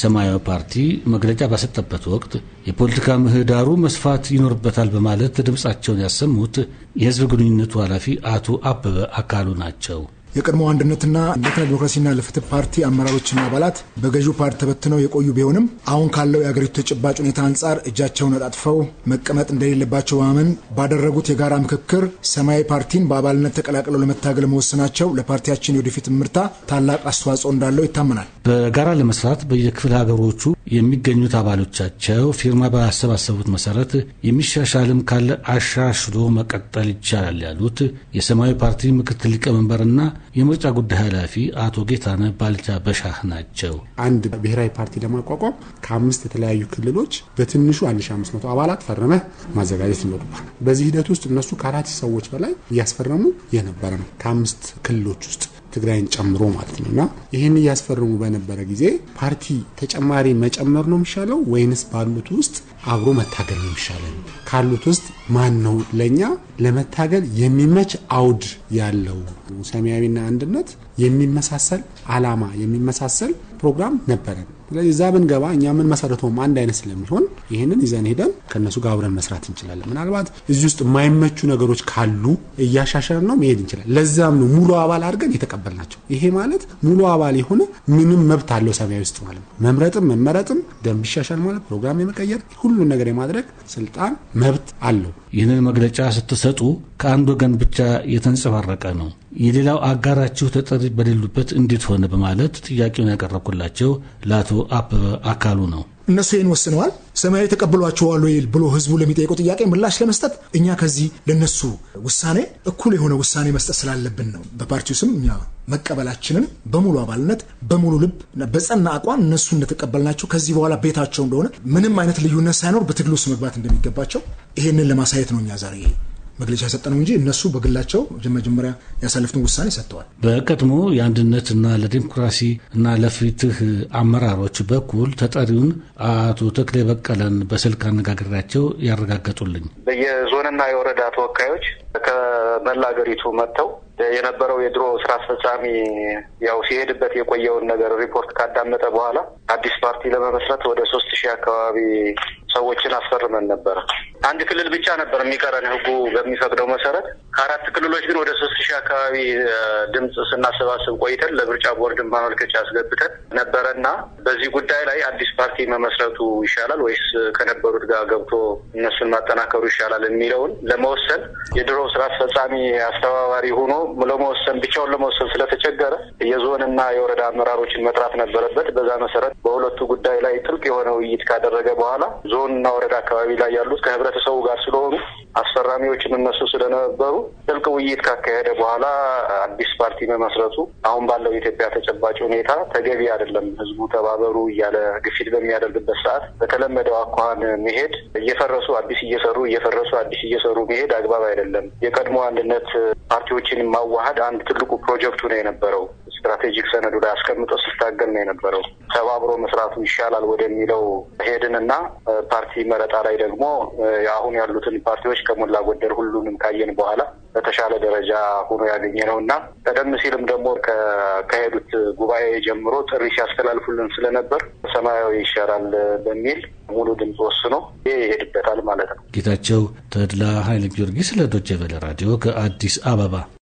ሰማያዊ ፓርቲ መግለጫ ባሰጠበት ወቅት የፖለቲካ ምህዳሩ መስፋት ይኖርበታል በማለት ድምፃቸውን ያሰሙት የህዝብ ግንኙነቱ ኃላፊ አቶ አበበ አካሉ ናቸው። የቀድሞ አንድነትና ለትና ዲሞክራሲና ለፍትህ ፓርቲ አመራሮችና አባላት በገዢው ፓርቲ ተበትነው የቆዩ ቢሆንም አሁን ካለው የአገሪቱ ተጨባጭ ሁኔታ አንጻር እጃቸውን አጣጥፈው መቀመጥ እንደሌለባቸው በማመን ባደረጉት የጋራ ምክክር ሰማያዊ ፓርቲን በአባልነት ተቀላቅለው ለመታገል መወሰናቸው ለፓርቲያችን የወደፊት ምርታ ታላቅ አስተዋጽኦ እንዳለው ይታመናል። በጋራ ለመስራት በየክፍለ ሀገሮቹ የሚገኙት አባሎቻቸው ፊርማ ባሰባሰቡት መሰረት የሚሻሻልም ካለ አሻሽሎ መቀጠል ይቻላል ያሉት የሰማያዊ ፓርቲ ምክትል ሊቀመንበርና የምርጫ ጉዳይ ኃላፊ አቶ ጌታነ ባልቻ በሻህ ናቸው። አንድ ብሔራዊ ፓርቲ ለማቋቋም ከአምስት የተለያዩ ክልሎች በትንሹ 1500 አባላት ፈርመህ ማዘጋጀት ይኖርባል። በዚህ ሂደት ውስጥ እነሱ ከአራት ሰዎች በላይ እያስፈረሙ የነበረ ነው ከአምስት ክልሎች ውስጥ ትግራይን ጨምሮ ማለት ነው። እና ይህን እያስፈርሙ በነበረ ጊዜ ፓርቲ ተጨማሪ መጨመር ነው የሚሻለው ወይንስ ባሉት ውስጥ አብሮ መታገል ነው የሚሻለን ካሉት ውስጥ ማን ነው ለእኛ ለመታገል የሚመች አውድ ያለው ሰማያዊና አንድነት የሚመሳሰል አላማ የሚመሳሰል ፕሮግራም ነበረን። ስለዚህ እዛ ብንገባ እኛ የምንመሰረተውም አንድ አይነት ስለሚሆን ይህንን ይዘን ሄደን ከእነሱ ጋር አብረን መስራት እንችላለን። ምናልባት እዚህ ውስጥ የማይመቹ ነገሮች ካሉ እያሻሻል ነው መሄድ እንችላለን። ለዛም ነው ሙሉ አባል አድርገን የተቀበልናቸው። ይሄ ማለት ሙሉ አባል የሆነ ምንም መብት አለው ሰማያዊ ውስጥ ማለት ነው። መምረጥም መመረጥም፣ ደንብ ይሻሻል ማለት ፕሮግራም የመቀየር ሁሉ ሁሉን ነገር የማድረግ ስልጣን መብት አለው። ይህንን መግለጫ ስትሰጡ ከአንድ ወገን ብቻ የተንጸባረቀ ነው። የሌላው አጋራችሁ ተጠሪ በሌሉበት እንዴት ሆነ በማለት ጥያቄውን ያቀረብኩላቸው ለአቶ አበበ አካሉ ነው። እነሱ ይህን ወስነዋል፣ ሰማያዊ ተቀብሏቸዋል ይል ብሎ ህዝቡ ለሚጠይቀው ጥያቄ ምላሽ ለመስጠት እኛ ከዚህ ለነሱ ውሳኔ እኩል የሆነ ውሳኔ መስጠት ስላለብን ነው በፓርቲው ስም እኛ መቀበላችንን በሙሉ አባልነት በሙሉ ልብ በጸና አቋም እነሱ እንደተቀበልናቸው ከዚህ በኋላ ቤታቸው እንደሆነ ምንም አይነት ልዩነት ሳይኖር በትግል ውስጥ መግባት እንደሚገባቸው ይሄንን ለማሳየት ነው እኛ ዛሬ መግለጫ ነው እንጂ እነሱ በግላቸው መጀመሪያ ያሳለፍነው ውሳኔ ሰጥተዋል። በቀድሞ የአንድነትና ለዲሞክራሲ እና ለፍትህ አመራሮች በኩል ተጠሪውን አቶ ተክሌ በቀለን በስልክ አነጋግሬያቸው ያረጋገጡልኝ በየዞንና የወረዳ ተወካዮች ከመላ አገሪቱ መጥተው የነበረው የድሮ ስራ አስፈጻሚ ያው ሲሄድበት የቆየውን ነገር ሪፖርት ካዳመጠ በኋላ አዲስ ፓርቲ ለመመስረት ወደ ሶስት ሺህ አካባቢ ሰዎችን አስፈርመን ነበረ። አንድ ክልል ብቻ ነበር የሚቀረን ህጉ በሚፈቅደው መሰረት። ከአራት ክልሎች ግን ወደ ሶስት ሺህ አካባቢ ድምፅ ስናሰባስብ ቆይተን ለምርጫ ቦርድን ማመልከቻ አስገብተን ነበረና በዚህ ጉዳይ ላይ አዲስ ፓርቲ መመስረቱ ይሻላል ወይስ ከነበሩት ጋር ገብቶ እነሱን ማጠናከሩ ይሻላል የሚለውን ለመወሰን የድሮ ስራ አስፈጻሚ አስተባባሪ ሆኖ ለመወሰን ብቻውን ለመወሰን ስለተቸገረ የዞንና የወረዳ አመራሮችን መጥራት ነበረበት። በዛ መሰረት በሁለቱ ጉዳይ ላይ ጥልቅ የሆነ ውይይት ካደረገ በኋላ ዞንና ወረዳ አካባቢ ላይ ያሉት ከህብረት ከህብረተሰቡ ጋር ስለሆኑ አስፈራሚዎችም እነሱ ስለነበሩ ጥልቅ ውይይት ካካሄደ በኋላ አዲስ ፓርቲ መመስረቱ አሁን ባለው የኢትዮጵያ ተጨባጭ ሁኔታ ተገቢ አይደለም። ህዝቡ ተባበሩ እያለ ግፊት በሚያደርግበት ሰዓት በተለመደው አኳኋን መሄድ እየፈረሱ አዲስ እየሰሩ እየፈረሱ አዲስ እየሰሩ መሄድ አግባብ አይደለም። የቀድሞ አንድነት ፓርቲዎችን ማዋሀድ አንድ ትልቁ ፕሮጀክቱ ነው የነበረው። ስትራቴጂክ ሰነዱ ላይ አስቀምጦ ሲታገል ነው የነበረው። ተባብሮ መስራቱ ይሻላል ወደሚለው ሄድንና ፓርቲ መረጣ ላይ ደግሞ አሁን ያሉትን ፓርቲዎች ከሞላ ጎደል ሁሉንም ካየን በኋላ በተሻለ ደረጃ ሆኖ ያገኘ ነው እና ቀደም ሲልም ደግሞ ከሄዱት ጉባኤ ጀምሮ ጥሪ ሲያስተላልፉልን ስለነበር ሰማያዊ ይሻላል በሚል ሙሉ ድምፅ ወስኖ ይሄድበታል ማለት ነው። ጌታቸው ተድላ ኃይለ ጊዮርጊስ ለዶቼ ቬለ ራዲዮ ከአዲስ አበባ